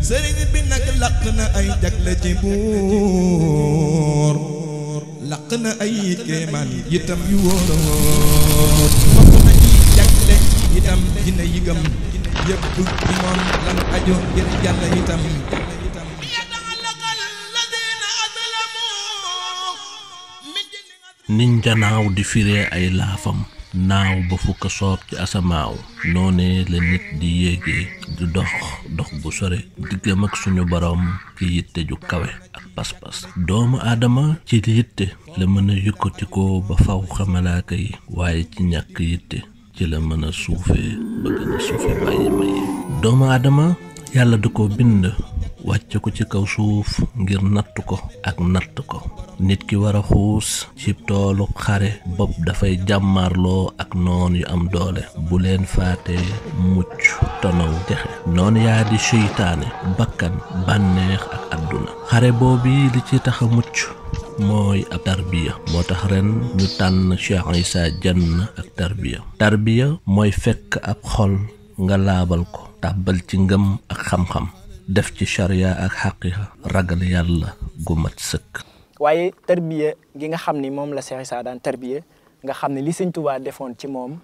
sëriñ bi nag laq na ay jagle ci buur laq na ay kéemaan itam yu wóor na yi jagle itam dina yëgam yëpp ci moom lan aju ngir yàlla itam niñ janaaw di firee ay laafam naaw ba fukk soob ci asamaaw noonee la nit di yéegee di dox dox bu sore diggam ak suñu boroom ci yitte ju kawe ak pas-pas doomu aadama ci yitte la mën a yëkkatikoo ba faw xamalaaka yi waaye ci ñàkk yitte ci la mën a suufee ba suufe bàyyi mayi doomu aadama yàlla du ko bind wàcc ko ci kaw suuf ngir natt ko ak natt ko nit ki war xuus ci toolu xare bopp dafay jàmmaarloo ak noon yu am doole bu leen faatee mucc tonaw texe noonu yaa di seytaane bakkan bànneex ak àdduna xare boobu li ci taxa mucc mooy ab tarbiya moo tax ren ñu tànn Cheikh Issa Dienne ak tarbiya tarbiya mooy fekk ab xol nga laabal ko tàbbal ci ngëm ak xam-xam def ci charia ak xaqiqa ragal yàlla gu mat sëkk. waaye tarbiya gi nga xam ni moom la Cheikh Issa daan tarbiya nga xam ne li Sëñ Tuubaa defoon ci moom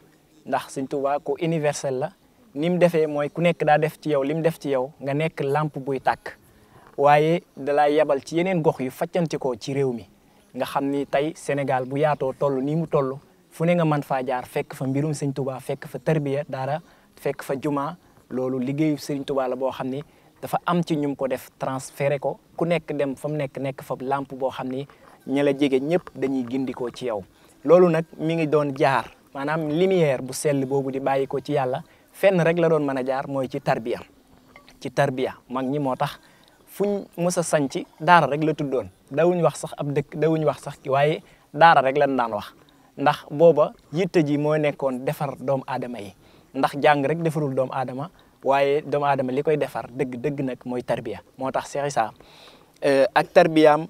ndax Sëñ Tuubaa ku universel la ni mu defee mooy ku nekk daa def ci yow li mu def ci yow nga nekk làmp buy tàkk waaye dalaa yebal ci yeneen gox yu faccantikoo ci réew mi nga xam ni tey Sénégal bu yaatoo toll nii mu toll fu ne nga man faa jaar fekk fa mbirum Sëñ Tuubaa fekk fa tarbiya daara fekk fa juma loolu liggéeyu Sëñ Tuubaa la boo xam ni dafa am ci ñum ko def transféré ko ku nekk dem fa mu nekk nekk fa lampe boo xam ni ña la jege ñëpp dañuy gindikoo ci yow loolu nag mi ngi doon jaar maanaam lumière bu sell boobu di bàyyi ko ci yàlla fenn rek la doon mën a jaar mooy ci tarbiya ci tarbiya mag ñi moo tax fuñ mës a sanc daara rek la tuddoon dawuñ wax sax ab dëkk dawuñ wax sax ki waaye daara rek lañ daan wax ndax booba yitte ji moo nekkoon defar doomu aadama yi ndax jàng rek defarul doomu aadama waaye doomu aadama li koy defar dëgg dëgg nag mooy tarbiya moo tax Cheikh Issa euh, ak tarbiyaam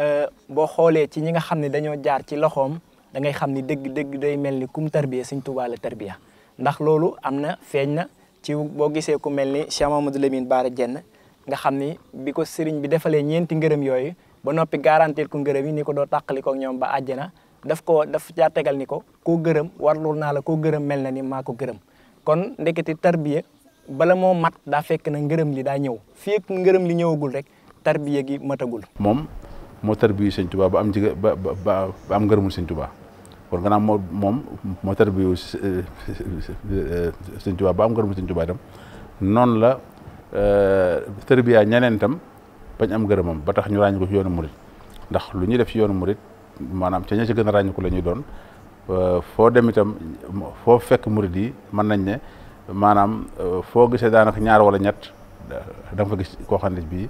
euh, boo xoolee ci ñi nga xam ne dañoo jaar ci loxoom da ngay xam ni dëgg dëgg day mel ni kum tarbiya Sëñ Tuubaa la tarbiya ndax loolu am na feeñ na ci boo gisee ku mel ni Cheikh Mamadou Lamine Bara jenn nga xam ni bi ko sëriñ bi defalee ñeenti ngërëm yooyu ba noppi garantir ku ngërëm yi ni ko doo tàqalikoo ñoom ba na daf ko daf jaa tegal ni ko ko gërëm warlul naa la koo gërëm mel na ni maa ko gërëm kon ndeketi tarbiya bala moo mat daa fekk na ngërëm li daa ñëw fii ak ngërëm li ñëwagul rek tarbiya gi matagul. moom moo tarbiyu sëñ Tuubaa ba am jigéen ba ba ba am ngërëmul sëñ Tuubaa kon nga naan moo moom moo tarbiyu eh, eh, sëñ Tuubaa am ngërëmul sëñ Tuubaa noonu la eh, tarbiya ñeneen tam bañ am ngërëmam ba tax ñu ràññi ko yoonu murit ndax lu ñuy def ci yoonu murit maanaam ca ña gën a ràññi la ñuy doon foo dem itam foo fekk murit yi mën nañ ne. maanaam euh, foo gisee daanaka ñaar wala ñett da fa gis koo xam ne bii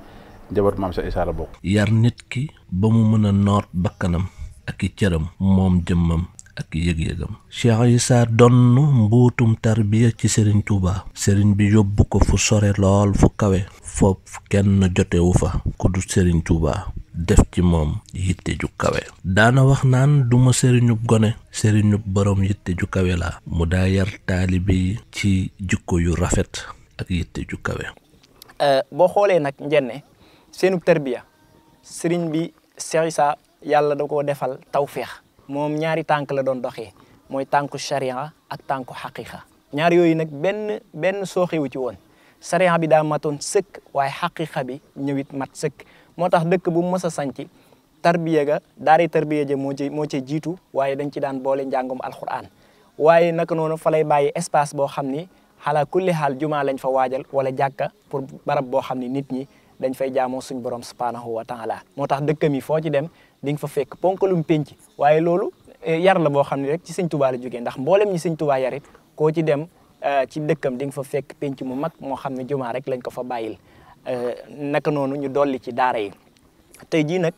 njaboot maam Cheikh Issa la bokk. yar nit ki ba mu mën a noor bakkanam ak i cëram moom jëmmam ak yëg-yëgam. Cheikh Issa donn mbuutum tarbiya ci Serigne Touba. Serigne bi yóbbu ko fu sore lool fu kawe. foofu kenn jotewu fa ku du Serigne Touba def ci moom yitte ju kawe daana wax naan duma sëriñub gone sëriñub boroom yitte ju kawe la mu daa yar taalibe ci jikko yu rafet ak yitte ju kawe euh, boo xoolee nag njenne seenub tarbiya sëriñ bi Cheikh yàlla da ko defal tawféex moom ñaari tànk la doon doxee mooy tànku charia ak tànku xaqiqa ñaar yooyu nag benn benn sooxewu ci woon sariya bi daa matoon sëkk waaye xaqiqa bi ñëwit mat sëkk moo tax dëkk bu mës a sanc tarbiya ga daari tarbiya ja moo ci moo ci jiitu waaye dañ ci daan boole njàngum alxuraan waaye naka noonu fa lay bàyyi espace boo xam ni xala kulli xaal jumaa lañ fa waajal wala jàkka pour barab boo xam ni nit ñi dañ fay jaamoo suñ borom subhanahu wa taala moo tax dëkkam yi foo ci dem di nga fa fekk ponkalum pénc waaye loolu eh, yar la boo xam ne rek ci sëñ tubaa la jógee ndax mboolem ñi sëñ tubaa koo ci dem Euh, ci dëkkam di nga fa fekk penc mu mag moo xam ne jumaa rek lañ ko fa bàyyil euh, naka noonu ñu dolli ci daara yi tey jii nag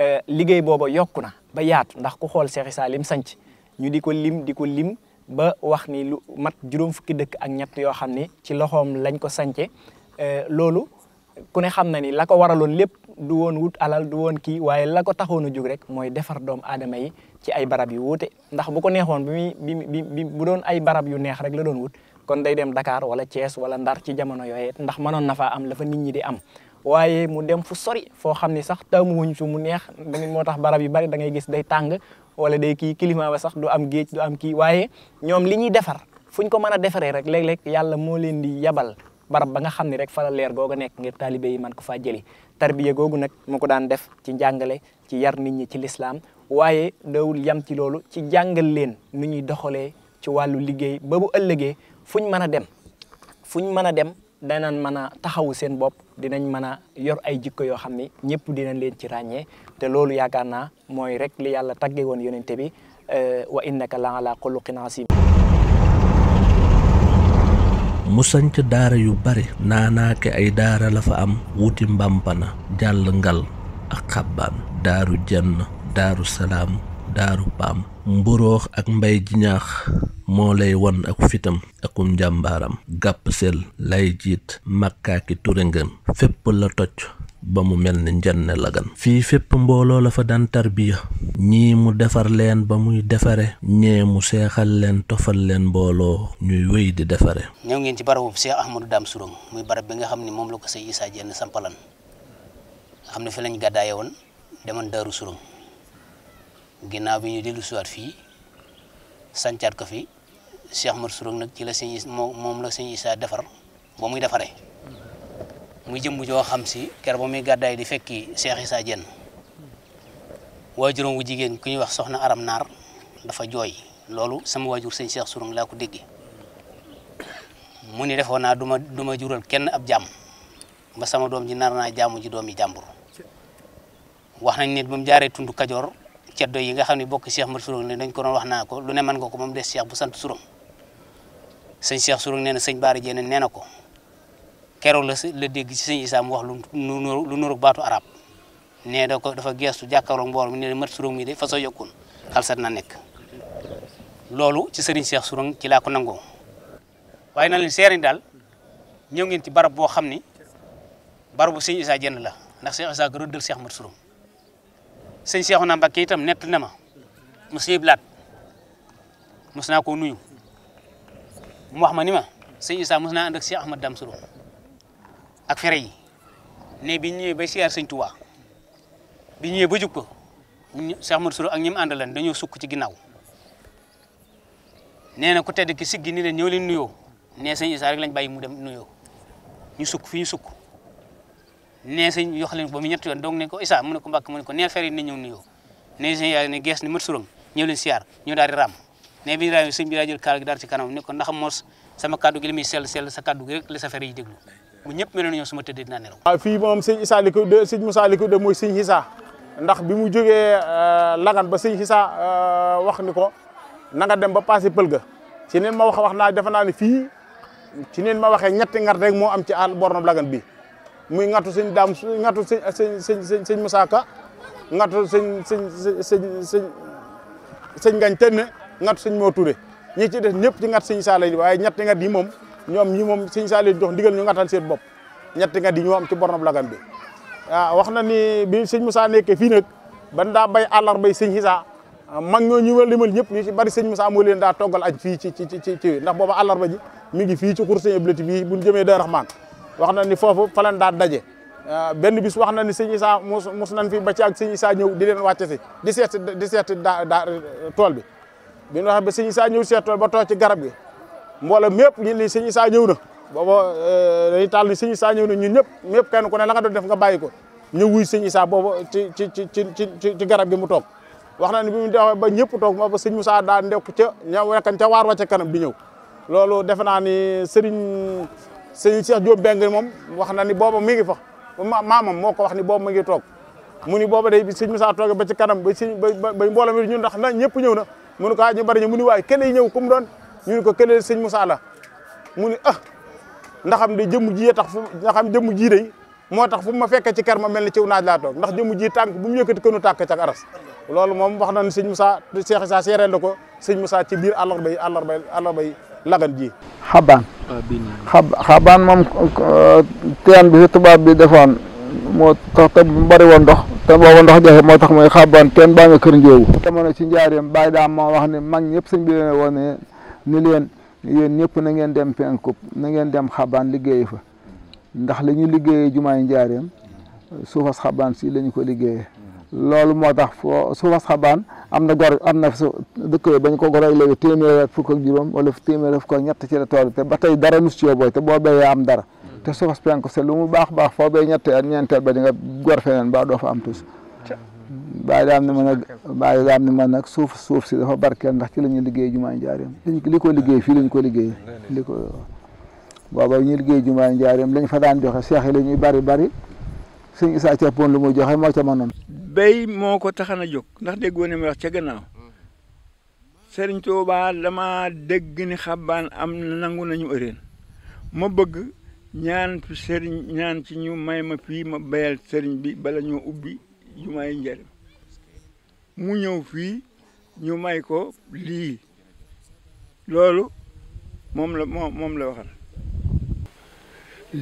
euh, liggéey boobu yokku na ba yaatu ndax ku xool Cheikh Issa lim sanc ñu di ko lim di ko lim ba wax ni lu mat juróom fukki dëkk ak ñett yoo xam ne ci loxoom lañ ko sance loolu ku ne xam na ni la ko waraloon lépp du woon wut alal du woon kii waaye la ko taxoon a jóg rek mooy defar doomu aadama yi ci ay barab yu wuute ndax bu ko neexoon bi bu doon ay barab yu neex rek la doon wut kon day dem dakaar wala Thiès wala Ndar ci jamono yooyee ndax mënoon na faa am la fa nit ñi di am waaye mu dem fu sori foo xam ni sax taamu wuñ su mu neex moo tax barab yu bari da ngay gis day tàng wala day kii climat ba sax du am géej du am kii waaye ñoom li ñuy defar fu ñu ko mën a defaree rek léeg yàlla moo leen di yabal barab ba nga xam ne rek fa la leer googa nekk ngir taalibe yi man ko faa jëli tarbiya googu nag mu ko daan def ci njàngale ci yar nit ñi ci lislaam waaye dawul yam ci loolu ci jàngal leen nu ñuy doxalee ci wàllu liggéey ba bu ëllëgee fuñ mën a dem fuñ mën a dem danañ mën a taxawu seen bopp dinañ mën a yor ay jikko yoo xam ne ñëpp dinañ leen ci ràññee te loolu yaakaar naa mooy rek li yàlla tagge woon yonente bi euh, wa innaka la ala xuluqin asim mu sanc daara yu bari naanaake ay daara la fa am wuti mbampana jàll ngal ak xabbaan daaru jenn daaru salaam daaru paam mburoox ak mbay jiñaax moo lay won ak fitam akum njàmbaaram gàpp sel lay jiit makkaaki turengam fépp la toj ba mu mel ni njënn lagan fii fépp mbooloo la fa daan tarbiya ñii mu defar leen ba muy defare ñee mu seexal leen tofal leen mbooloo ñuy wéy di defare ñëw ngeen ci barabu Cheikh Ahmadou Dame Sourang muy barab bi nga xam ni moom la ko sëy Issa Diène sampalan nga xam ne fi lañ gàddaaye woon demoon Daaru Sourang ginnaaw bi ñu dellu siwaat fii sancaat ko fi Cheikh Ahmadou Sourang nag ci la sëñ moom la sëñ Issa defar ba muy defaree mu jëm jëmm joo xam si ker ba muy gàddaay di fekki seex Issa Diène waajuram wu jigéen ku ñuy wax soxna aram naar dafa jooy loolu sama waajur sëñ Cheikh Sourang laa ko déggee mu ni defoon naa du ma du kenn ab jàmm ba sama doom ji nar naa jàmm ji doom yi jàmbur nañ ne mu jaaree tund Kajoor ceddo yi nga xam ne bokk Cheikh Mate Sourang ne dañ ko doon wax naa ko lu ne mën ko moom des Cheikh bu sant Sourang sëñ Cheikh Sourang nee na sëñ Bara Diène nee na ko keroog la la dégg ci sëñ Issa mu wax lu lu nuru baatu arab nee da ko dafa geestu jàkkaarloog mboor mi ne mat suróog mi de fa soo yokkun xalsat na nekk loolu ci sëriñ Cheikh Sourang ci laa ko nangoo waaye na leen seeriñ daal ñëw ngeen ci barab boo xam ni barabu sëñ Issa jenn la ndax Cheikh Issa rëddal Cheikh Mat Sourang sëñ Cheikhouna Mbacké itam nett na ma mu sëñ Blaat mos naa ko nuyu mu wax ma ni ma sëñ Issa mos naa ànd ak Cheikh Ahmad Dam Sourang ak fere yi ne bi ñëwee bay siyaar sëñ tuwa bi ñëwee ba jub ko Cheikh Modou Sourou ak ñi mu àndalan dañoo sukk ci ginnaaw nee na ku tedd ki siggi ni leen ñëw leen nuyoo nee sëñ Issa rek lañ bay mu dem nuyoo ñu sukk fi ñu sukk nee sëñ yox leen ba mu ñett yoon donc ne ko Issa mu ne ko mbàkk mu ne ko nee fere yi ne ñëw nuyoo nee sëñ yaa ne gees ni mat suram ñëw siyaar ñëw daal di raam nee bi ñu raam bi daa jël gi daal ci kanam ne ko ndax mos sama kaddu gi li muy sa kaddu gi rek yi déglu bu ñëpp mel ni ñoom su ma tëddee dinaa nelaw. waaw fii moom sëñ Issa Liku de sëñ Moussa Liku de mooy sëñ Issa ndax bi mu jógee euh, Lagane ba sëñ Issa euh, wax ni ko nanga dem ba passé pël ga ci neen ma wax wax naa defe naa ni fii ci neen ma waxee ñetti ngat rek moo am ci àll borno Lagane bi muy ngatu sëñ daam ngatu sëñ sëñ sëñ Moussa Ka ngatu sëñ sëñ sëñ sëñ sëñ Ngañ Tenne ngatu sëñ moo Touré ci des ñëpp ci ngat sëñ Issa waaye ñetti ngat yi moom. ñoom ñi moom sëñ Saliou jox ndigal ñu ngatal seen bopp ñetti nga di ñoo am ci bornob lagam bi waaw ah, wax na ni bi sëñ saa nekkee fii nag ban daa bay àllar bay sëñ saa ah, mag ñoo ñu limal ñëpp ñu ci bari mu Moussa moo leen daa toggal añ fii ci ci ci ci ndax booba àllarba ji mi ngi fii ci xur sëñ Eblati bii buñ jëmee Daaru Rahmaan wax na ni foofu fa leen daa daje ah, benn bis wax na ni sëñ Issa mos mos nañ fi ba ci ak sëñ Issa ñëw di leen wàcce si di seet di seet daa daa tool bi bi ñu waxee ba sëñ Issa ñëw seet tool ba toog ci garab gi mbooloo mépp ñun li sëñ Issa ñëw na booba euh, dañuy taal ni sëñ Issa ñëw na ñun ñëpp ñëpp kenn ku ne la nga doon def nga bàyyi ko ñu wuy sëñ Issa booba ci ci ci ci ci garab gi mu toog wax na ne bi mu doxee ba ñëpp toog ma ba sëñ Moussa daa ndekku ca ña wekkan ca wa ca kanam di ñëw loolu defe naa ni Serigne Serigne Cheikh Diop Bengue moom wax na ni booba mi ngi fa maamam moo ko wax ni booba mi ngi toog mu ni booba day bi sëñ Moussa ba ci kanam ba sëñ ba mbooloo mi ñun ndax na ñëpp ñëw na mu ne ko ah, ñu bari ñu mu ni waaye kenn yi ñëw ku mu doon ñu ko kële sëñ Moussa la mu ne ah ndax am de jëmm ji tax fu ndax am jëmm ji day moo tax fu ma fekkee ci ker ma mel ni ciw naaj laa toog ndax jëmm ji tànk bu mu yëkkati kënu tàkk ca aras loolu moom wax na ne sëñ Moussa Cheikh Issa seereel la ko sëñ Moussa ci biir àllarba yi àllarba yi àllarba yi lagan ji xabaan xabaan moom euh, teen bi fi tubaab bi defoon moo tax te woon ndox te booba ndox jafe moo tax mooy xabaan teen baa nga kër njoogu jamono ci njaareem bàyyi daam moo wax ne mag ñëpp sëñ bi ni leen yéen ñëpp na ngeen dem penkub na ngeen dem xabaan liggéey fa ndax li ñu liggéeyee jumaay njaareem suufas xabaan si la ko liggéeyee loolu moo tax foo suufas xabaan am na gor am na dëkk yooyu ba ñu ko goroy léegi téeméer ak fukk ak juróom wala téeméer ak fukk ak ñett ci la tool te ba tey dara mus ci yóbboo te boo béyee am dara te suufas penku se lu mu baax baax foo béy ñetteel ñeenteel ba di nga gor feneen ba doo fa am tus bàyyi daam ne ma nag bàyyi daam ne nag suuf suuf si dafa barkeel ndax ci la ñuy liggéey jumaa njaareem li ko liggéey fii lañ ko liggéey li ko booba ñu liggéey jumaa njaareem lañ fa daan joxe seex yi la ñuy bari bari sëñ Isaa Cappoon lu moo joxe moo ca mënoon moo ko taxan a jóg ndax déggoo ne ma wax ca gannaaw Sëriñ Tuubaa dama dégg ni xabaan am nangu nañu ëreen ma bëgg ñaan fi sëriñ ñaan ci ñu may ma fii ma béyal sëriñ bi bala ñoo ubbi jumaay njarem mu ñëw fii ñu may ko lii loolu moom la moom la waxal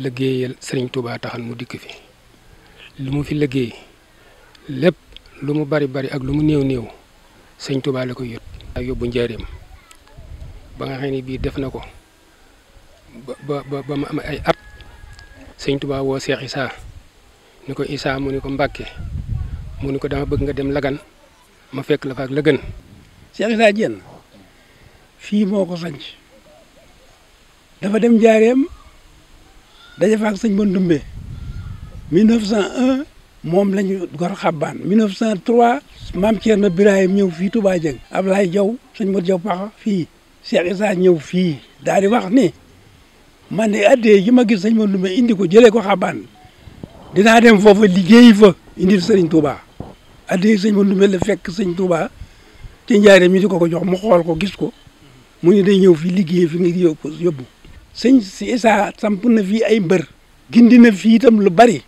liggéeyal sëriñ Touba taxal mu dikk fi lu mu fi liggéey lépp lu mu bari bari ak lu mu néew néew sëriñ Touba la ko yót ak yóbbu njareem ba nga xam ne bii def na ko ba ba ba mu am ay at sëriñ Touba woo Seex Isaa ni ko issa mu ni ko Mbàkke mu ni ko dama bëgg nga dem lagan ma fekk la faak la gën Cheikh Issa fii moo ko sanc dafa dem njaareem daje faak sëñ Bandoumbe 1901 moom lañu gor xabbaan 1903 maam Thierno Birahim ñëw fii Touba Dieng Ablaye Diaw sëñ Modou Diaw paxa fii Cheikh Issa ñëw fii daal di wax ni man de ji ma gis sëñ Bandoumbe indi ko jëlee ko xabbaan dinaa dem foofa liggéey fa indil sëriñ Touba addee sëñ ma ndumel la fekk sëñ Touba ci njaareem ñu di ko ko jox mu xool ko gis ko mu ne day ñëw fii liggéey fi ngir yóbbu yóbbu sëñ si Issa samp na fii ay mbër gindi na fii itam lu bari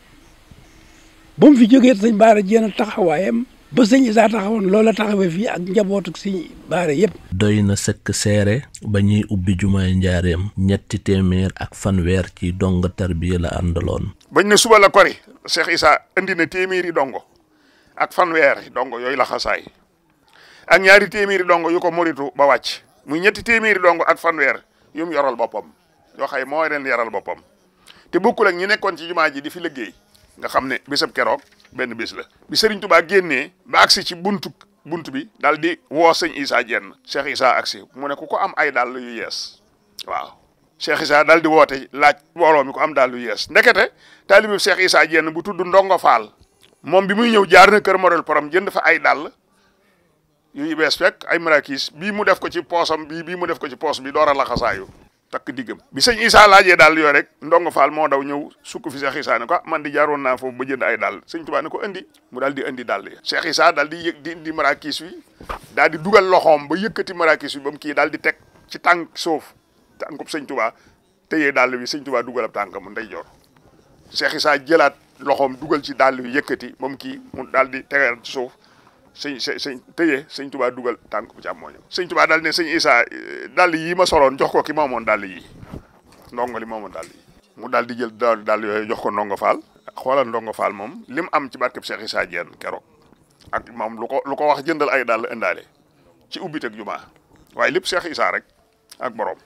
ba mu fi jógee sëñ Baara Jéen taxawaayam ba sëñ Issa taxawoon loola taxawee fii ak njabootu sëñ Baara yëpp. doy na sëkk seere ba ñuy ubbi jumaay njaareem ñetti téeméer ak fanweer ci dong tarbiya la àndaloon. bañ Cheikh Issa indi na téeméeri dongo ak fanweeri dongo yooyu la ak ñaari téeméeri dongo yu ko moritu ba wàcc muy ñetti téeméeri dongo ak fanweer yu mu yoral boppam yoo xay moo leen yaral boppam te bokkul ak ñi nekkoon ci jumaa ji di fi liggéey nga xam ne bisab keroog benn bis la. bi Serigne Touba génnee ba agsi ci buntu bunt bi daal di woo sëñ Issa Diène Cheikh Issa mu ne ku ko am ay dàll yu yees waaw. Cheikh Issa daal di woote laaj mbooloo mi ko am daal lu yees ndekete taalibu Cheikh Issa Diène bu tudd Ndongo Fall moom bi muy ñëw jaar na kër Modèle Porom jënd fa ay dàll yu bees fekk ay marakis bii mu def ko ci poosam bii bii mu def ko ci poos bi door a laxasaayu takk diggam bi sëñ Issa laajee dàll yooyu rek Ndongo Fall moo daw ñëw sukk fi Cheikh Issa ne ko ah, man di jaaroon naa foofu ba jënd ay dàll sëñ Tuubaa ko indi mu daal di indi dàll yi Cheikh Issa daal di yëg di indi marakis wi daal di dugal loxoom ba yëkkati marakis wi ba kii daal di teg ci tànk suuf tànkub sëñ tubaa téyee dàll bi sëñ tubaa dugal ab tànk mu ndey joor Cheikh Issa jëlaat loxoom dugal ci dàll bi yëkkati moom kii mu daal di tegaat suuf sëñ sëñ téyee sëñ tubaa dugal tànk bu ci am mooñam sëñ tubaa daal ne sëñ Issa eh, ma soloon jox ko ki moomoon dàll yi ndongo li moomoon dàll mu daal di jël dàll dàll jox ko ndongo faal xoolal ndongo faal moom li mu am ci barkeb Cheikh Issa Diène keroog ak moom lu ko lu ko wax jëndal ay dàll indaale ci ubbiteg jumaa waaye lépp Cheikh Issa rek ak boroom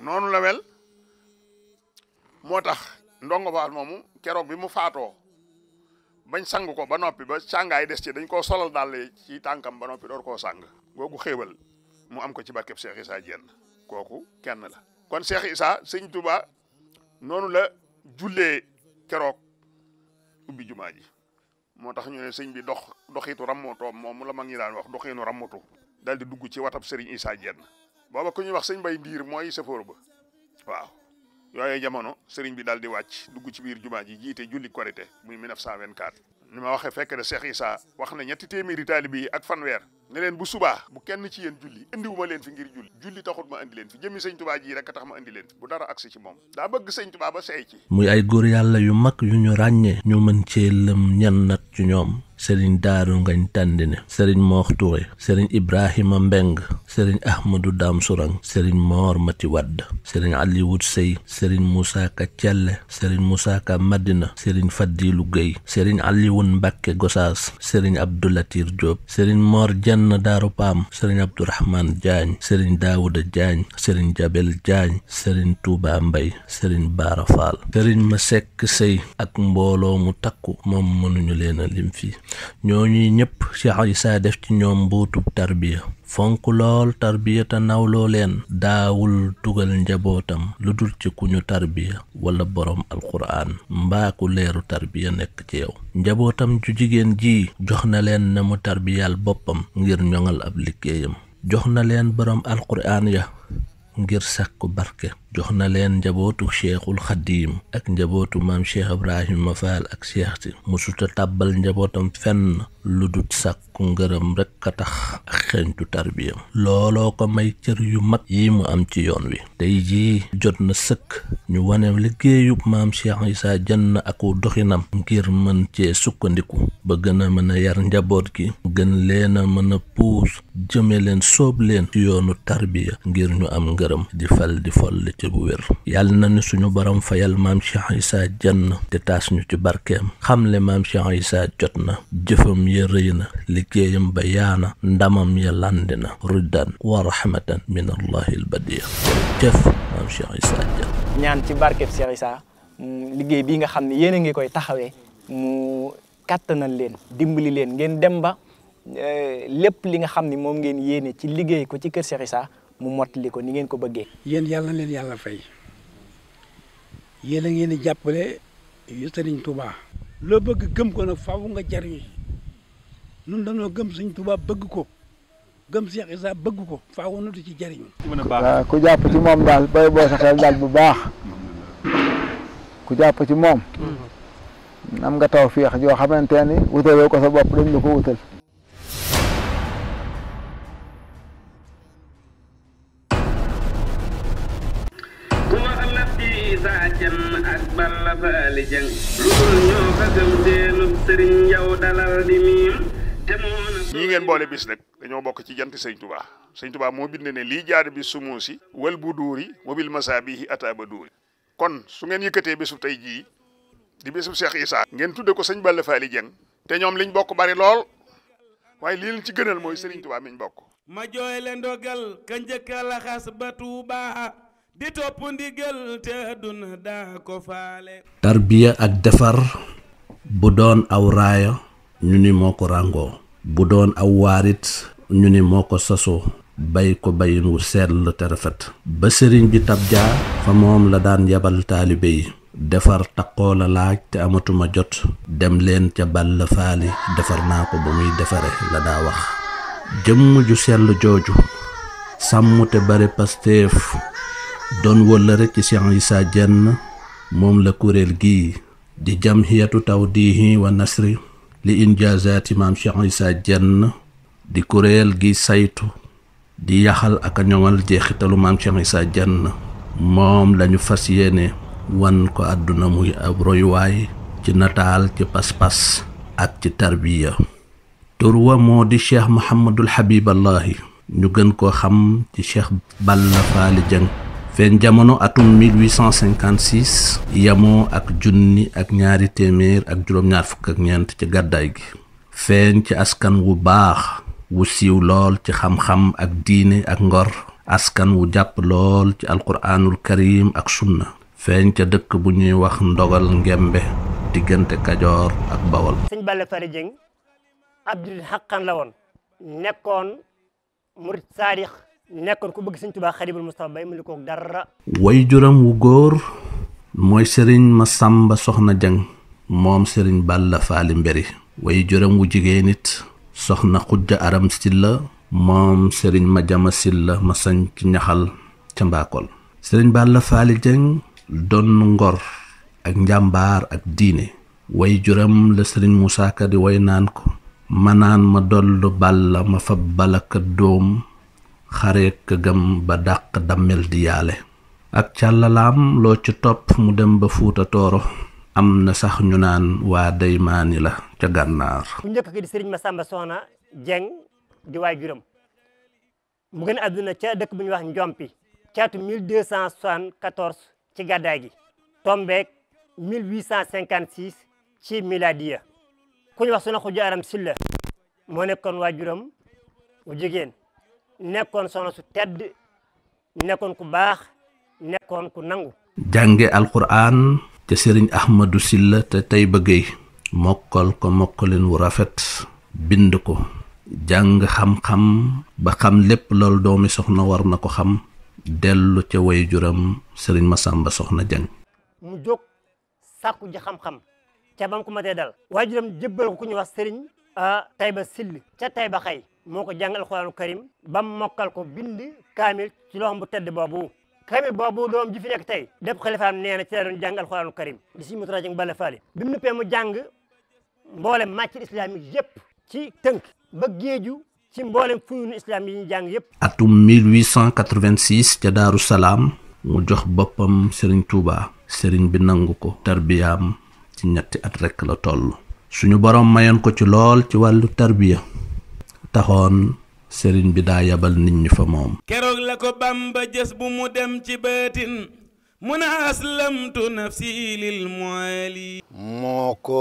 noonu la wel moo tax ndongo baal moomu keroog bi mu faatoo bañ sangu ko ba noppi ba sàngaay des ci dañ koo solal daal ci tànkam ba noppi door koo sàng googu xéewal mu am ko ci barkeb Cheikh Issa Diène kooku kenn la kon Cheikh Issa sëñ Touba noonu la jullee keroog ubbi jumaa ji moo tax ñu ne sëñ bi dox doxitu rammotoom moom mu la mag ñi daan wax doxiinu rammotu dal di dugg ci watab Serigne Issa na booba ku ñuy wax sëñ bay biir mooy safoor ba waaw yooyu jamono sëriñ bi daal di wàcc dugg ci biir jumaa ji jiite julli korite muy 1924. ni ma waxee fekk ne Cheikh Issa wax na ñetti téeméeri taalibe yi ak fanweer ne leen bu subaa bu kenn ci yéen julli indiwu leen fi ngir julli julli taxut ma indi leen fi jëmmi sëñ tubaa ji rek a tax ma indi leen bu dara agsi ci moom daa bëgg sëñ tubaa ba sey ci muy ay góor yàlla yu mag yu ñu ràññee ñu mën cee lëm ñan nag ci ñoom sëriñ daaru ngañ tàndine sëriñ moox Touré sëriñ ibrahima mbeng sëriñ Ahmadou Dame Sourang sëriñ Mor Mati Wadd sëriñ Aliwut Sey sëriñ Moussa Ka Thialé sëriñ Moussa Ka Madina sëriñ Fadilou Guèye sëriñ Aliwun Mbacke Gosaas sëriñ Abdoulatir Diop sëriñ Mor Jann Daaru Paam sëriñ Abdourahman Diagne sëriñ Daouda Diagne sëriñ Jabel Diagne sëriñ Touba Mbaye sëriñ Baara Faal sëriñ Masek Sey ak mbooloo mu takku moom mënuñu leen a lim fii ñooñu ñëpp Cheikh Issa def ci ñoom mbuutub tarbiya fonk lool tarbiya te nawloo leen daawul tugal njabootam lu dul ci ku ñu tarbiya walla borom alquraan mbaa ku leeru tarbiya nekk ci yow njabootam ju jigéen ji jox na leen na mu tarbiyaal boppam ngir ñoŋal ab liggéeyam jox na leen borom alquraan ya ngir sàkku barke jox na leen njabootu cheikhul xadiim ak njabootu maam cheikh ibrahima faal ak cheikh si musuta tàbbal njabootam fenn lu du sàkku ngërëm rekk a tax ak xeeñtu tarbiyam looloo ko may cër yu mag yi mu am ci yoon wi tey jii jot na sëkk ñu wane liggéeyub maam cheikh isaa jenn aku doxinam ngir mën cee sukkandiku ba gën a mën a yar njaboot gi gën leen a mën a puus jëme leen sóob leen ci yoonu tarbiya ngir ñu am ngërëm di fal di folli te bu wér yàlla na ni suñu borom fayal maam Cheikh Issa Dienne te taas ñu ci barkeem xamle maam Cheikh Issa jot na jëfam ya rëy na liggéeyam ba yaana ndamam ya làndi na ruddan wa rahmatan min allahi albadiya jëf maam Cheikh Issa Dienne ñaan ci barkeb Cheikh Issa mm, liggéey bii nga xam ne yéen a ngi koy taxawee mu kàttanal leen dimbali leen ngeen dem ba eh, lépp li nga xam ne moom ngeen yéene ci liggéey ko ci kër Cheikh Issa mu mottali ko ni ngeen ko bëggee. yéen yàlla na leen yàlla fay yéen a ngeen di jàppale sëriñ Touba. loo bëgg gëm ko nag faaw nga jariñu ñun dañoo gëm sëriñ Touba bëgg ko gëm Cheikh Issa bëgg ko faaw na du ci jariñu. waaw ku jàpp ci moom daal bay boo sa xel daal bu baax ku jàpp ci moom. Mm-hmm. nga taw féex yoo xamante ni wutaloo ko sa bopp dañ la ko isaa jën ak balla faali jëng ñii ngeen boole bis nag dañoo bokk ci janti sëñ tubaa sëñ tubaa moo bind ne lii jaar bi sumu si wal bu duuri mobil masa bii ba duuri kon su ngeen yëkkatee bésu tey jii di bésu Cheikh Issa ngeen tudde ko sëñ Balla Faali Jeng te ñoom liñ bokk bari lool waaye lii leen ci gënal mooy Serigne Touba miñ bokk ma jooy leen dogal ka njëkka laxas ba Tuubaa di topp ndigal ko faale tarbiya ak defar bu doon aw raaya ñu ni moo ko ràngoo bu doon aw waarit ñu ni moo ko sasoo bay ko bayin wu sell te rafet ba sëriñ bi tab jaar fa moom la daan yabal taalibe yi defar taqoo la laaj te amatuma jot dem leen ca bàll faali defar naa ko ba muy defare la daa wax jëmm ju sell jooju sàmm te bare pasteef doon wëllëre ci Cheikh Issa Diène moom la kuréel gii di jamhiyatu tawdihi wa nasri li injaazaati maam Cheikh Issa Diène di kuréel gi saytu di yaxal ak a ñoŋal jeexitalu maam Cheikh Issa Diène moom lañu fas yéene wan ko àdduna muy ab royuwaay ci nataal ci pas-pas ak ci tarbiya tur wa moo di cheikh Mouhamadul Habiballahi ñu gën ko xam ci cheikh Balla Faali Jeng fenn jamono atum 1856 yamoo ak junni ak ñaari téeméer ak juróom-ñaar fukk ak ñeent ci gàddaay gi feeñ ci askan wu baax wu siiw lool ci xam-xam ak diine ak ngor askan wu jàpp lool ci alquraanul karim ak sunna feeñ ca dëkk bu ñuy wax ndogal ngembe diggante kajoor ak bawol nekkoon murit nekkoon ku bëgg sëñ Tuubaa Xaadimul Mustafaa ko dara way juram wu góor mooy sëriñ ma Masàmba Soxna Jang moom sëriñ Balla Faali Mbéri way juram wu jigéen it soxna Xujja Aram Silla moom sëriñ Majama Silla ma sañ ci ñaxal ca Mbaakol sëriñ Balla Faali Jang donn ngor ak njàmbaar ak diine way juram la sëriñ Musaa Ka di way naan ko manaan ma dollu balla ma fab balaka doom xare këgam ba dàq dammel di yaale ak càllalaam loo ci topp mu dem ba fuuta tooro am na sax ñu naan waa daymaani la ca gànnaar ku njëkk ki di sëriñ Masamba Soxna Jeng di waay juróom mu gën àdduna ca dëkk bu ñuy wax njompi caatu 1274 ci gàddaay gi tombeek ci miladiya ku ñu wax suna xuja aram silla moo nekkoon waajuram mu jigéen nekkoon soxna su tedd nekkoon ku baax nekkoon ku nangu jànge alquran te sëriñ ahmadu silla te tey bëggey mokkal ko mokkalin wu rafet bind ko jàng xam-xam ba xam lépp loolu doomi soxna war na ko xam dellu ca way juram sëriñ masamba soxna jàng mu jóg sàkku ji xam-xam ca bam ko matee dal waajuram jébbal ko ku ñuy wax sëriñ ah, tayba sill ca tayba xay moo ko jàng alxuraanu karim ba mu mokkal ko bind kaamil ci loxoom bu tedd boobu kaamil boobu doom ji fi nekk tey def xalifaam nee na ci la doon jàng alxuraanu karim di si mutura jëng bala faali bi mu nuppee mu jàng mboolem matière islamique yépp ci tënk ba géeju ci mboolem fuyunu islam yi ñu jàng yépp atum ca daaru salaam mu jox boppam sëriñ Touba sëriñ bi nangu ko tarbiyaam ci ñetti at rekk la toll suñu borom mayoon ko ci lool ci wàllu tarbiya taxoon sëriñ bi daa yabal nit ñi fa moom keroog la ko bamba jës bu mu dem ci bëtin mu ne aslamtu nafsi lil muali moo ko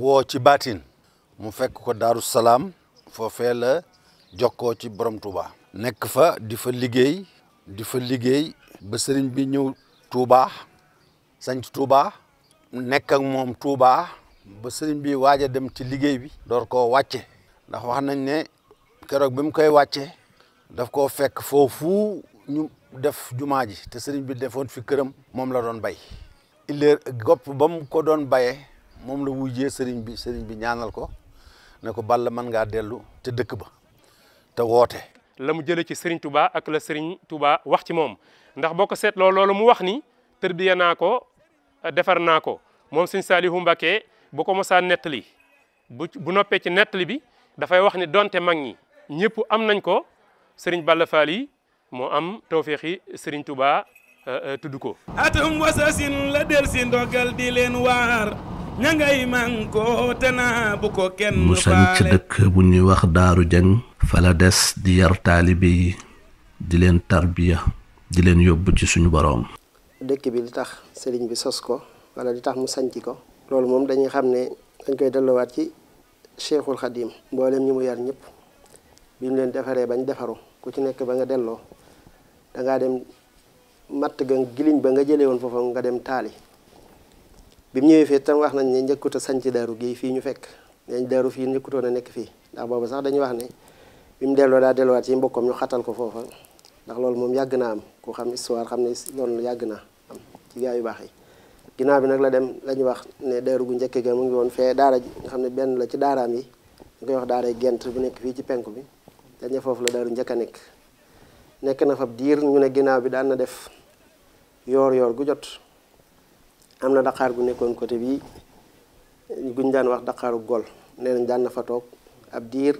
woo ci baatin mu fekk ko daaru salaam foofee la jox jokkoo ci borom Touba. nekk fa di fa liggéey di fa liggéey ba sëriñ bi ñëw Touba sanc Touba nekk ak moom Touba ba sëriñ bi waaj a dem ci liggéey bi door koo wàcce ndax wax nañ ne keroog bi mu koy wàcce daf ko fekk foofu ñu def jumaa ji te sëriñ bi defoon fi këram moom la doon bay illeer gopp ba mu ko doon bayee moom la wujjee sëriñ bi sëriñ bi ñaanal ko ne ko Balla mën ngaa dellu te dëkk ba te woote la mu jëlee ci sëriñ Touba ak la sëriñ Touba wax ci moom ndax boo ko seetloo loolu mu wax ni tërbiya naa ko defar naa ko moom sëriñ Saliou Mbacké bu ko mosaan nettali bu noppee ci nettali bi dafay wax ni donte mag ñi ñëpp am nañ ko sëriñ Balla Fall yi moo am tawféexi sëriñ Touba euh, euh, tudd ko. atum wasasin la del si ndogal di leen waar ña ngay mànkoo te naa bu ko kenn. mu sañ ci dëkk bu ñuy wax Daaru Jeng fala des di yar taalibe yi di leen tarbiya di leen yóbbu ci suñu boroom. dëkk bi di tax sëriñ bi sos ko walla di tax mu sañci ko loolu moom dañuy xam ne dañ koy delloowaat ci. cheikhul xadim mboolem ñi mu yar ñëpp bi mu leen defaree bañ defaru ku ci nekk ba nga delloo dangaa dem matt ga giliñ ba nga jëlee woon foofa nga dem taali bi mu ñëwee fii tam wax nañ ne njëkkut a sanc daaru gii fii ñu fekk dañ daaru fii njëkkutoon a nekk fii ndax boobu sax dañuy wax ne bi mu delloo daa delluwaat ci mbokkam ñu xatal ko foofa ndax loolu moom yàgg naa am ku xam histoire xam ne loolu yàgg naa am ci gaa yu baax yi ginnaaw bi nag la dem la wax ne daaru gu njëkk ga mu ngi woon fee daara ji nga xam ne benn la ci daaraam yi ñu koy wax daaray gent bu nekk fii ci penk bi dañu foofu la daaru njëkk a nekk nekk na fa diir ñu ne ginnaaw bi daan na def yoor yoor gu jot am na daqaar gu nekkoon côté bii guñ daan wax daqaaru gol nee nañ daan na fa toog ab diir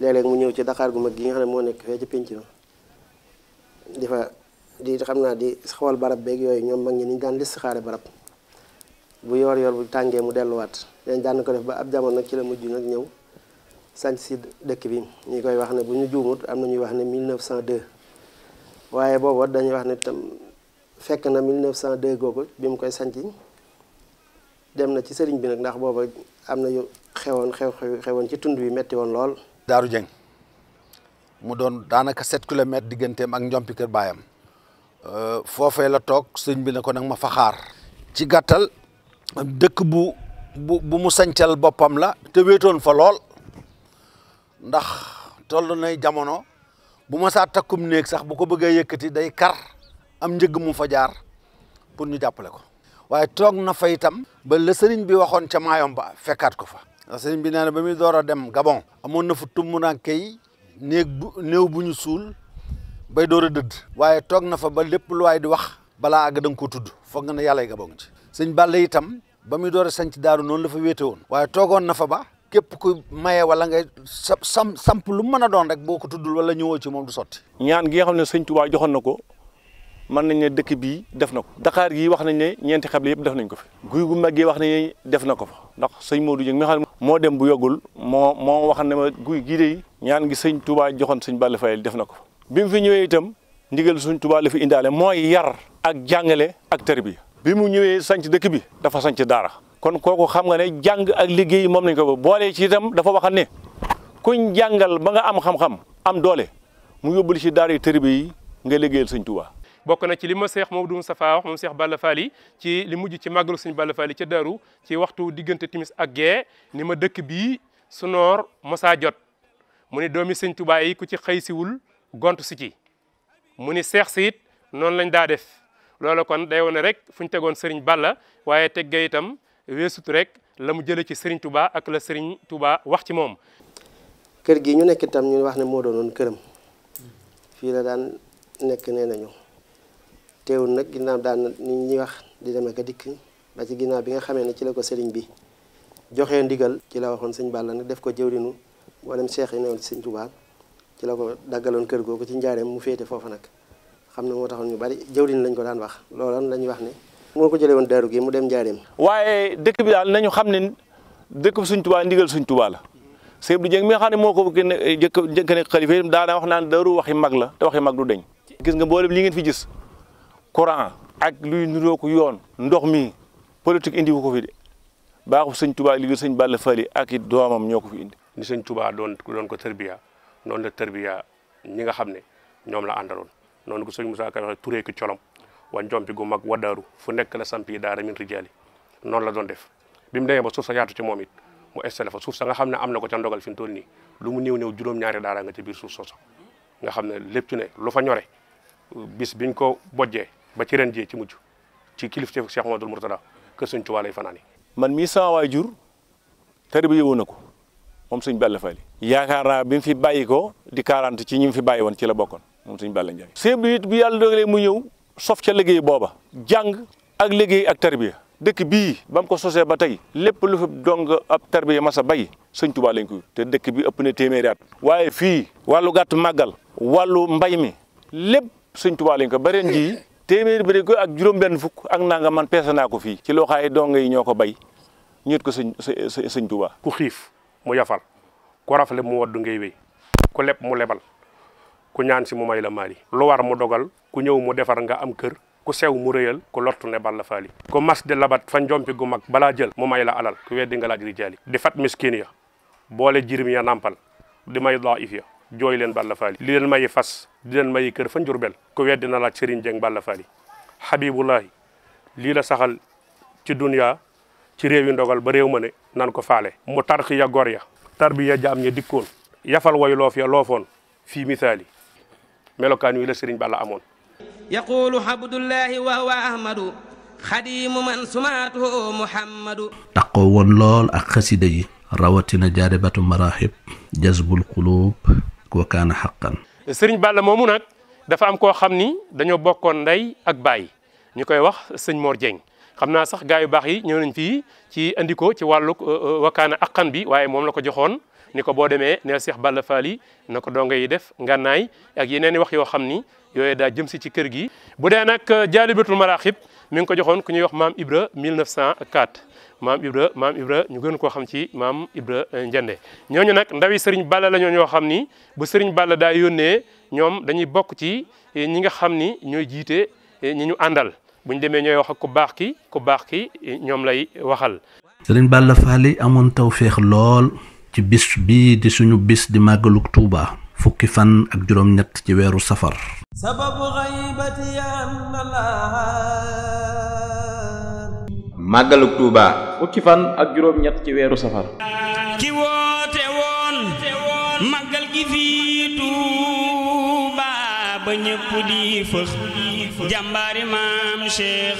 léeg mu ñëw ci daqaar gu mag gi nga xam ne moo nekk fee ci pénc ma di fa di xam naa di xool barab beek yooyu ñoom mag ñi ni daan listixaare barab bu yor yor bu tàngee mu delluwaat dañ daan ko def ba ab jamono nag ci la mujj nag ñëw sanc si dëkk bi ñi koy wax ne bu ñu juumut am na ñuy wax ne 1902 waaye booba dañuy wax ne tam fekk na 1902 googu bi mu koy sanc dem na ci sëriñ bi nag ndax booba am na yu xewoon xew xew xewoon ci tund wi metti woon lool Daaru Jëng mu doon daanaka 7 kilomètres digganteem ak njompi kër baayam euh, foofee la toog sëriñ bi na ko nag ma faxaar ci gàttal dëkk bu bu bu mu sancal boppam la te wetoon fa lool ndax toll nay jamono bu ma saa takkum néeg sax bu ko bëggee yëkkati day kar am njëgg mu fa jaar pour ñu jàppale ko waaye toog na fa itam ba la sëriñ bi waxoon ca maayom ba fekkaat ko fa ndax bi nee na ba muy door a dem Gabon amoon na fu tummunanke yi néeg bu néew bu ñu suul bay door a dëdd waaye toog na fa ba lépp lu waay di wax balaa àgg da nga ko tudd foog nga ne yàlla y Gabon ci sëñ Balla itam ba muy door a sanc daaru noonu la fa wéete woon waaye toogoon na fa ba képp ku maye wala ngay sa sam samp lu mën a doon rek boo ko tuddul wala ñëwoo ci moom du sotti ñaan gi nga xam ne sëñ Tuubaa joxoon na ko mën nañ ne dëkk bii def na ko Dakar gii wax nañ ne ñeenti xable yëpp def nañ ko fi guy gu mag gi wax nañ ne def na ko fa ndax sëñ Modou Dieng mi xam ne moo dem bu yogul moo moo wax ne ma guy gii de ñaan gi sëñ Tuubaa joxoon sëñ Balla Fayel def na ko bi fi ñëwee itam ndigal sëñ Tuubaa la fi indaale mooy yar ak jàngale ak tarbiya bi mu ñëwee sanc dëkk bi dafa sañc daara kon kooku xam nga ne jàng ak liggéey moom nañ ko boolee ci itam dafa waxal ne kuñ jàngal ba nga am xam-xam am doole mu yóbbul ci daara yu tërbi yi nga liggéeyal sëñ tuba bokk na ci li ma seex Mamadou Moustapha wax moom seex Balla Fally ci li mujj ci màggalu sëñ Balla Fally ca Daaru ci waxtu diggante timis ak gee ni ma dëkk bii sunoor noor mosaa jot mu ni doomi sëñ Tuubaa yi ku ci xëy siwul gont si ci mu ni seex siit noonu lañ daa def loolu kon day wone rek fu ñu tegoon sëriñ Balla waaye teggee itam weesut rek la mu jëlee ci sëriñ tubaa ak la Serigne Touba wax ci moom. kër gi ñu nekk itam ñu wax ne moo doon këram fii la daan nekk nee nañu teewul nag ginnaaw daan ni ñuy wax di dem ak a dikk ba ci ginnaaw bi nga xamee ne ci la ko Serigne bi joxee ndigal. ci la waxoon sëñ Balla nag def ko jëwrinu mboolem seex yi newoon ci Serigne Touba ci la ko daggaloon kër googu ci njaareem mu féete foofa nag. xam ne moo taxoon ñu bari jëwriñ lañ ko daan wax looloon lañ wax ne moo ko jëlee woon daaru mu dem njaareem waaye dëkk bi daal nañu xam ne dëkk bi suñ tubaa ndigal suñ tubaa la sëñ Abdou Dieng mi xam ne moo ko gën a jëkk jëkk ne xalifa yi daanaa wax naan daaru waxi mag la te waxi mag du deñ gis nga boole li ngeen fi gis courant ak luy nuroo ko yoon ndox mi politique indi ko fi de baaxu sëñ tubaa liggéey sëñ Balla Fali ak i doomam ñoo ko fi indi ni sëñ tubaa doon doon ko tërbiya noonu la tërbiya ñi nga xam ne ñoom la àndaloon noonu ko sëñ Moussa Ka waxee turee ki colom wa jompi gu mag wadaaru fu nekk la samp yi daara min rijaali noonu la doon def bi mu demee ba suuf sa yaatu ci moom it mu installé fa suuf sa nga xam ne am na ko ca ndogal fi mu toll nii lu mu néew néew juróom-ñaari daara nga ci biir suuf soosu nga xam ne lépp ci ne lu fa ñore bis biñ ko bojjee ba ci ren jee ci mujj ci kilifteefu Cheikh Mamadou Mourtada kër sëñ Tuubaa lay fanaani man mii sama waajur tarbiya woon na ko moom sëñ Balla Fally yaakaar naa bi mu fi bàyyi ko di 40 ci ñi mu fi bàyyi woon ci la bokkoon moom sëñ Balla Ndiaye sëñ bi bu yàlla dogalee mu ñëw sof ca liggéey booba jàng ak liggéey ak tarbiya dëkk bii bam ko sosee ba tey lépp lu fi dong ab tarbiya masa bay sëñ Tuubaa lañ ko te dëkk bi ëpp na téeméeri at waaye fii wàllu gàtt màggal wàllu mbay mi lépp sëñ Tuubaa lañ ko bareen jii téeméeri bëri ko ak juróom-benn fukk ak nanga man peese naa ko fii ci loo dong yi ñoo ko bay ñut ko sëñ sëñ Tuubaa ku xiif mu yafal ku rafle mu mu lebal ku ñaan si mu may la maali lu war mu dogal ku ñëw mu defar nga am kër ku sew mu rëyal ku lottu ne balla faali ku mas di labat fa njompi gu mag balaa jël mu may la alal ku weddi nga laaj rijaali di fat miskin ya boole jirim ya nàmpal di may daif ya jooy leen balla faali li leen fas di leen kër fa njurbel ku weddi na laaj sëriñ jeng balla faali xabibullahi lii la saxal ci duniya ci réew yi ndogal ba réew ma ne nan ko faale mu tarxiya gor ya tarbiya jaam ña dikkoon yafal way loof loofoon fii misaali melokaan wi la sëriñ Balla amoon yaqulu habdullahi wa huwa ahmadu xadiimu man sumaatuhu muhammadu taqoo woon lool ak xasida yi rawatina jaaribatu marahib jazbul qulub wa kaana xaqan sëriñ Balla moomu nag dafa am koo xam ni dañoo bokkoon ndey ak baay ñu koy wax sëñ Mor Dieng xam naa sax gaa yu baax yi ñëw nañ fii ci andi ko ci wàllu euh, euh, wakaana aqan bi waaye moom la ko joxoon ni ko boo demee neel Cheikh Balla Fall yi na ko donga yi def ngànnaay ak yeneen i wax yoo xam ni yooyu daa jëm si ci kër gi. bu dee nag euh, jaalibatul maraaxib mi ngi ko joxoon ku ñuy wax maam Ibra 1904 maam Ibra maam Ibra ñu gën koo xam ci maam Ibra euh, Njende ñooñu nag ndawi Serigne Balla la ñoo xam ni bu sëriñ Balla daa yónnee ñoom dañuy bokk ci euh, ñi nga xam ni ñooy jiite ñi ñu àndal bu ñu demee ñooy wax ak ku baax ki ku baax ki ñoom lay waxal. Serigne Balla Fall amoon taw tawféex lool. ci bis bii di suñu bis di màggaluk tuuba fukki fan ak juróom ñett ci weeru safar sababu xaybati ak juróom weeru safar ki woote woon màggal gi fii tuuba ba ñëpp di fëx jàmbaari maam Cheikh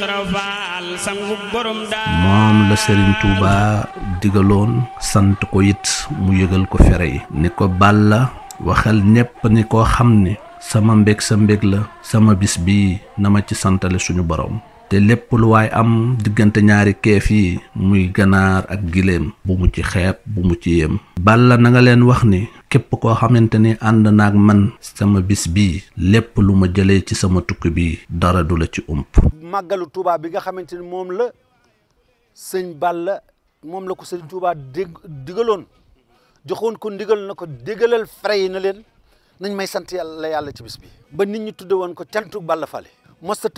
borom moom la Serigne Touba digaloon sant ko it mu yëgal ko fere yi ni ko la waxal ñépp ni koo xam ni sama mbég sa mbég la sama bis bi na ma ci santale suñu boroom te lépp lu waaye am diggante ñaari keef yi muy ganaar ak giléem bu mu ci xeeb bu mu ci yem balla na nga leen wax ni képp koo xamante ni ànd naag man sama bis bi lépp lu ma jëlee ci sama tukki bi dara du la ci ump màggalu Tuubaa bi nga xamante ni moom la sëñ Balla moom la ko sëñ Tuubaa dég digaloon joxoon ko ndigal na ko dégalal frais yi na leen nañ may sant yàlla yàlla ci bis bi ba nit ñu tudde woon ko cantu Balla Fally mës a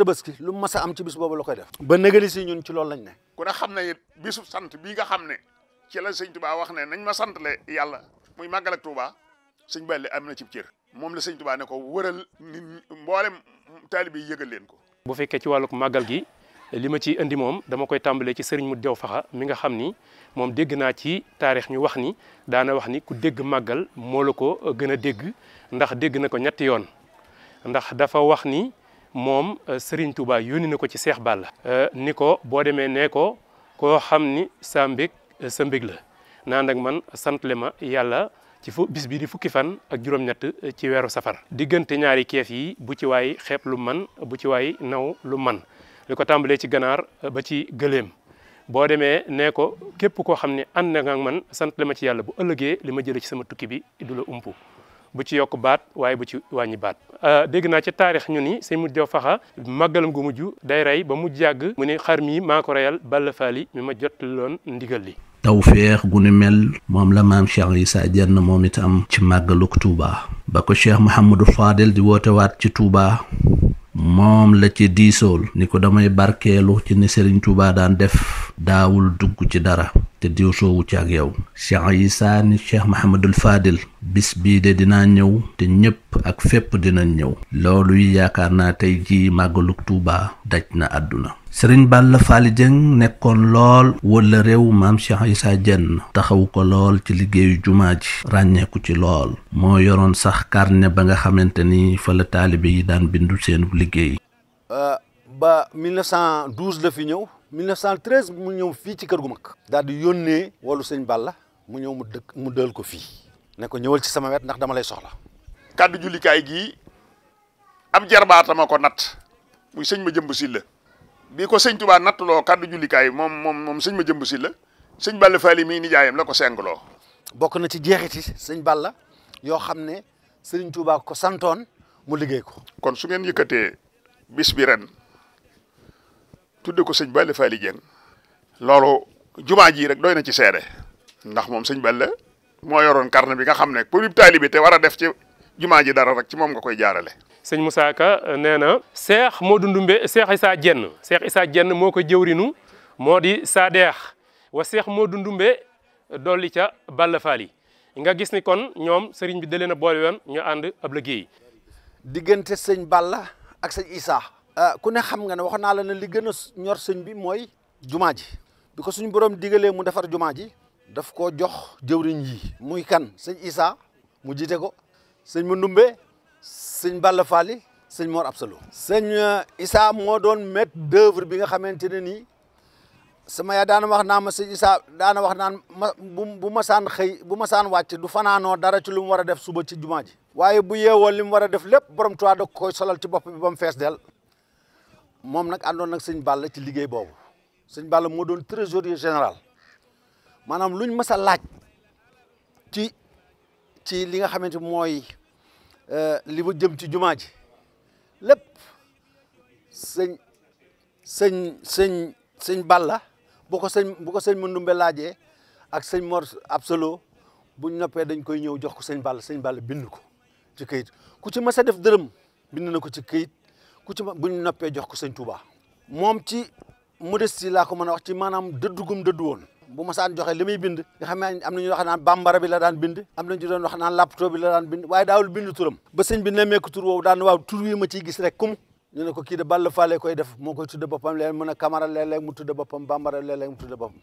lu mës a am ci bis boobu la koy def. ba nëgëli si ñun ci loolu lañ ne. ku ne xam ne bisu sant bii nga xam ne ci la sëñ Touba wax ne nañ ma sant le yàlla muy màggal ak Touba sëñ Balla am na ci cër. moom la sëñ Touba ne ko wëral nit mboolem taalibe yëgal leen ko. bu fekkee ci wàllug màggal gi li ma ciy indi moom dama koy tàmbalee ci sëriñ mu dew faxa mi nga xam ni moom dégg naa ci taarix ñu wax ni daana wax ni ku dégg màggal moo la ko gën a dégg ndax dégg na ko ñetti yoon moom euh, Serigne Touba yónni na ko ci Seex Balla euh, ni ko boo demee nee ko koo xam ni sa mbég euh, sa mbég la naan ak man santle ma yàlla ci fu bis bi di fukki fan ak juróom-ñett ci weeru safar diggante ñaari keef yi bu ci waay xeeb lu man bu ci waay naw lu man li ko tàmbalee ci ganaar ba ci gëléem boo demee nee ko képp koo xam ne ànd na ak man sant ma ci yàlla bu ëllëgee li ma jëlee ci sama tukki bi du la umpu bu ci yokk baat waaye bu ci wàññi baat euh, dégg naa ca taarix ñu ni sëñ mujj doo faxa màggalam gu mujj day rey ba mu jàgg mu ne xar mii maa ko reyal balla faali mi ma jot ndigal li tawfeex gu ni mel moom la maam Cheikh Issa Dienne moom it am ci màggaluk tuubaa ba ko Cheikh Mouhamadou Fadel di woote waat ci Touba moom la ci diisool ni ko damay barkeelu ci ni Serigne tuubaa daan def daawul dugg ci dara te diw soowu ci ak yow cheikh isaani cheikh mahamadul fadil bis bii de dina ñëw te ñépp ak fépp dina ñëw loolu yi yaakaar naa tey jii màggalug tuuba daj na àdduna sëriñ Balla Faly Dieng nekkoon lool wala réew maam Cheikh Issa Dieng taxawu ko lool ci liggéeyu jumaa ji ràññeeku ci lool moo yoroon sax carnet ba nga xamante ni fa la taalibe yi daan bindu seen liggéey euh, ba 1912 la fi ñëw 1913 mu ñëw fii ci kër gu mag. daal di yónnee wàllu sëñ Balla mu ñëw mu dëkk mu dël ko fii ne ko ñëwal ci sama wet ndax dama lay soxla. kàddu jullikaay gii ab jarbaatama ko natt muy sëñ ma jëmb si la bii ko sëñ Tuubaa nattuloo kàddu jullikaay moom moom moom sëñ ma jëmb si la sëñ Balla Faali mii nijaayam la ko sengloo. bokk na ci jeexiti sëñ Balla yoo xam ne sëñ Tuubaa ko santoon mu liggéey ko. kon su ngeen yëkkatee bis bi ren. tudde ko sëñ Balla Fally Dieng loolu jumaa jii rek doy na ci seede ndax moom sëñ Balla moo yoroon carnet bi nga xam ne pour taalibe te war a def ci jumaa ji dara rek ci moom nga koy jaarale. sëñ Moussa Ka euh, nee na. seex moo dundumbe seex Issa jenn seex Issa jenn moo ko jëwrinu moo di Sadeex wa seex moo dundumbe dolli ca Balla Fally nga gis ni kon ñoom sëriñ bi da leen a boole woon ñu ànd ab liggéey. diggante sëñ Balla ak sëñ Issa. Euh, ku ne xam nga ne wax naa la ne li gën a ñor sëñ bi mooy jumaa ji bi ko suñu borom digalee mu defar jumaa ji daf koo jox jëwriñ yi muy kan sëñ Issa mu jiite ko sëñ Mandumbe sëñ Balla Fally sëñ Mor Absolu sëñ euh, Issa moo doon maître d'œuvre bi nga xamante ne nii sama yaa daana wax naa ma sëñ Issa daana wax naan ma bu bu ma saan xëy bu ma saan wàcc du fanaanoo dara ci lu mu war a def suba ci jumaa ji waaye bu yeewoo li mu war a def lépp borom tuwi da koy solal ci bopp bi ba mu fees del moom nag àndoon nag sëñ Balla ci liggéey boobu sëñ Balla moo doon trésorier général maanaam luñ mës a laaj ci ci li nga xamante mooy euh, li ba jëm ci jumaa ji lépp sëñ sëñ sëñ sëñ Balla bu ko sëñ bu ko sëñ Mandumbe laajee ak sëñ Mor Absolo buñ noppee dañ koy ñëw jox ko sëñ Balla sëñ Balla bind ko ci këyit ku ci mës def dërëm bind na ko ci kayit ku ci bu ñu noppee jox ko sëñ moom ci modestie laa ko mën a wax ci maanaam dëddugum dëddu woon. bu ma saan joxe li muy bind nga xam ne am nañu wax naan bambara bi la daan bind am na doon wax naan lapto bi la daan bind waaye daawul bind turam ba sëñ bi nemmeeku tur woowu daan waaw tur wi ma ciy gis rek kum ñu ne ko kii de Balla Fallé koy def moo koy tudde boppam léeg mun a Camara léeg-léeg mu tudde boppam bambara mu tudde boppam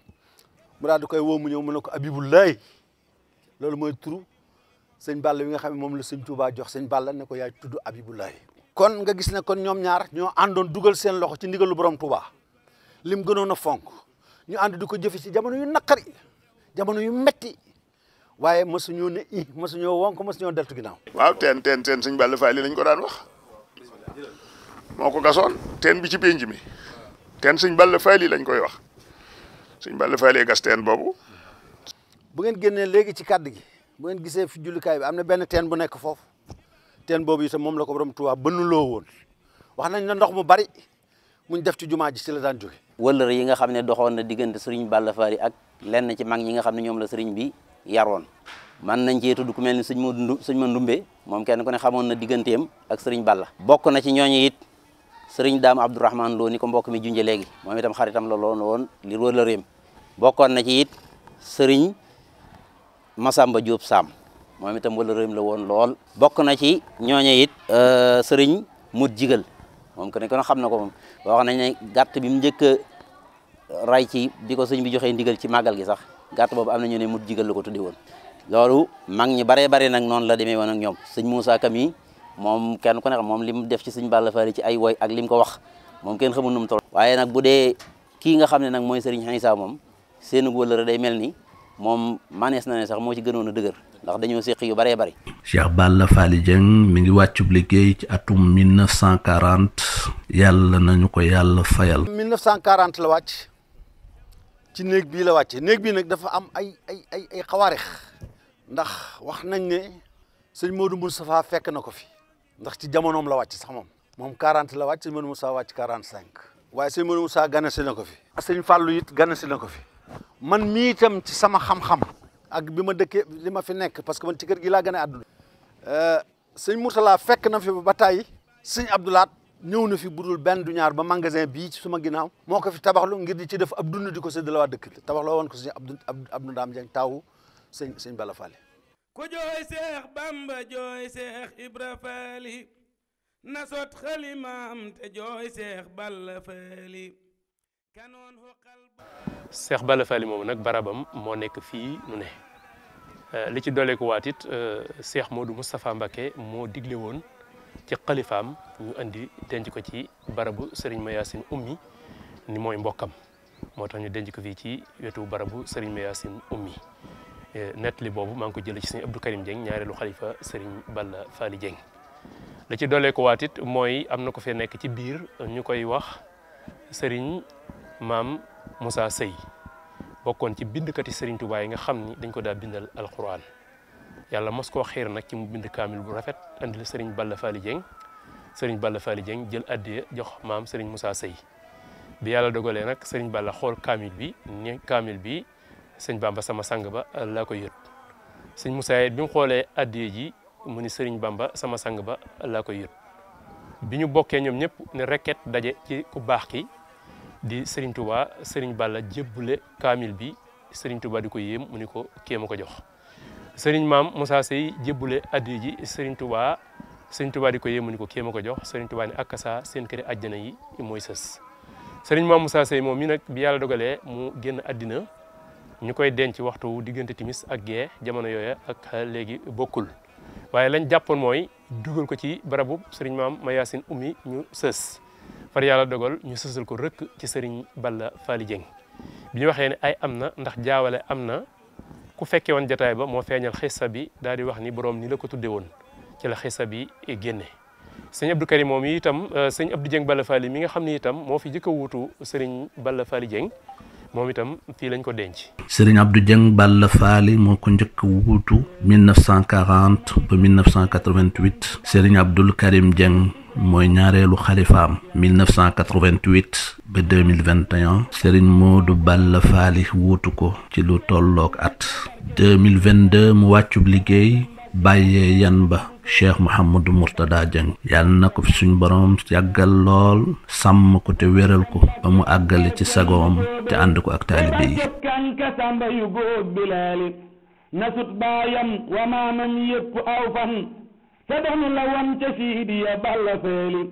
mu daal di koy woo mu ñëw mu ne ko Abibulaay loolu mooy turu sëñ Balla bi nga xam ne moom la sëñ Tuubaa jox sëñ Balla ne ko yaay tudd Abibulaay kon nga gis ne kon ñoom ñaar ñoo àndoon dugal seen loxo ci ndigalu borom Touba lim gënoon a fonk ñu ànd di ko jëfe ci jamono yu naqari jamono yu metti waaye masuñoo ne i masuñoo wonk masuñoo deltu ginnaaw waaw teen teen teen sëñ Balla Faali lañ ko daan wax moo ko gasoon teen bi ci pénj mi teen sëñ Balla Faali lañ koy wax sëñ Balla Faali gas teen boobu bu ngeen génnee léegi ci kàdd gi bu ngeen gisee fi jullikaay bi am na benn teen bu nekk foofu teen boobu itam moom la ko borom Tuubaa bënnuloo woon wax nañ na ndox mu bari muñ def ci jumaa ji si la daan jóge yi nga xam ne doxoon na diggante sëriñ Balla Fari ak lenn ci mag ñi nga xam ne ñoom la sëriñ bi yaroon man nañ cee tudd ku mel ni sëñ Modou sëñ ma Ndumbe moom kenn ku ne xamoon na digganteem ak sëriñ Balla bokk na ci ñooñu it sëriñ Daam Abdourahman Lo ni ko mbokk mi junje léegi moom itam xaritam la loon woon li wëllëreem bokkoon na ci it sëriñ Masamba Diop Sam moom itam wala réem la woon lool bokk na ci ñooñe it euh, sëriñ mut jigal moom ko ne xam na ko moom wax nañ ne gàtt bi mu njëkk a ray ci bi ko sëñ bi joxee ndigal ci màggal gi sax gàtt boobu am na ñu ne mut jigal la ko tuddi woon loolu mag ñi baree bari nag noonu la demee woon ak ñoom sëñ Moussa Kami moom kenn ku ne xam moom li mu def ci sëñ Balla Fally ci ay woy ak li mu ko wax moom kenn xamul nu mu toll waaye nag bu dee kii nga xam ne nag mooy sëriñ Xanisa moom seen wëllëre day mel ni moom manees na ne sax moo ci gënoon a dëgër ndax dañoo séq yu bëree bëri Cheikh Balla Fally Dieng mi ngi wàccub liggéey ci atum 1940 yàlla ñu ko yàlla fayal 1940 la wàcc ci néeg bii la wàcce néeg bi nag dafa am ay ay ay ay xawaarix ndax wax nañ ne sëñ Modou Moustapha fekk na ko fi ndax ci jamonoom la wàcc sax moom moom 40 la wàcc sëñ Modou Moustapha wàcc 45 waaye sëñ Modou saa ganasi na ko fi sëñ Fallou it ganasi na ko fi man mii itam ci sama xam-xam ak bi ma dëkkee li ma fi nekk parce que man ci kër gi laa gën a àdduna euh, sëñ fekk na fi ba tey sëñ Abdoulaat ñëw na fi budul benn du ñaar ba magasin bii ci suma ginnaaw moo ko fi tabaxlu ngir di ci def ab dund di ko séddale waa dëkk bi tabaxloo woon ko sëñ Abdou Abdou Ndaam Jeng taawu sëñ sëñ Bala Faali ku jooy seex Bamba jooy seex Ibra Faali na sot xalimaam te jooy seex Balla Faali Cheikh Balla Fally moomu nag barabam moo nekk fii nu ne euh, li ci dooleeku waat it euh, Cheikh Modou Moustapha Mbacké moo digle woon ci xalifaam ñu andi denc ko ci barabu Serigne Mayacine Oumy ni mooy mbokkam moo tax ñu denc ko fii ci wetu barabu Serigne Mayacine Oumy euh, nettali boobu maa ngi ko jëlee ci Serigne Abdou Karim Dieng ñaareelu xalifa Serigne Balla Fally Dieng la ci dooleeku waat mooy am na ko fee nekk ci biir ñu koy wax Serigne maam Moussa Sey bokkoon ci bindkati Serigne Touba yi nga xam ni dañ ko daa bindal alquran yàlla mos koo xiir nag ci mu bind kaamil bu rafet andi la Serigne Balla Fally Dieng Serigne Balla Fally jël addiya jox maam Serigne Moussa Sey bi yàlla dogalee nag sëriñ Balla xool kaamil bi ni kaamil bi sëñ Bamba sama sang ba euh, laa ko yët sëñ Moussa it bi mu xoolee addiya ji mu ni Serigne Bamba sama sang ba laa ko yët bi ñu bokkee ñoom ñëpp ne rekket daje ci ku baax ki di Serigne Touba Serigne Balla jébbule kaamil bi sëriñ Touba di ko yéem mu ni ko kéema ko jox Serigne maam Moussa Sey jëbbule addi ji Serigne Touba Serigne Touba di ko yéem mu ni ko kéema ko jox Serigne Touba ni akasa seen këri àjjana yi mooy sës sëriñ maam Moussa Sey moom mi nag bi yàlla dogalee mu génn àddina ñu koy denc waxtu diggante timis ak gee jamono yooya ak léegi bokkul waaye lañ jàppoon mooy dugal ko ci barabu Serigne maam Mayacine Oumy ñu sës far yàlla dogal ñu sësal ko rëkk ci sëriñ Balla Fally Dieng bi ñu waxee ne ay am na ndax jaawale am na ku fekkee woon jataay ba moo feeñal xissa bi daal di wax ni borom ni la ko tudde woon ci la xissa bi génne sëñ Abdou Karim moom itam euh, sëñ Abdou Dieng Balla Fally mi nga xam ni itam moo fi jëkk a wuutu sëriñ Balla Fally Dieng moom itam fii lañ ko denc. Serigne Abdou Dieng Balla Faali moo ko njëkk wuutu 1940 ba 1988 Serigne Abdoul Karim Dieng mooy ñaareelu xalifaam 1988 ba 2021 Serigne du Balla Faali wuutu ko ci lu tolloog at 2022 mu wàccu liggéey. bàyyee yan ba cheikh Mouhamadou Mourtada Dieng yàlla na ko fi suñ borom yàggal lool sàmm ko te wéral ko ba mu àggale ci sagoom te ànd ko ak nasut baayam wa maamam yépp aw fan te la won ca siidi balla feeli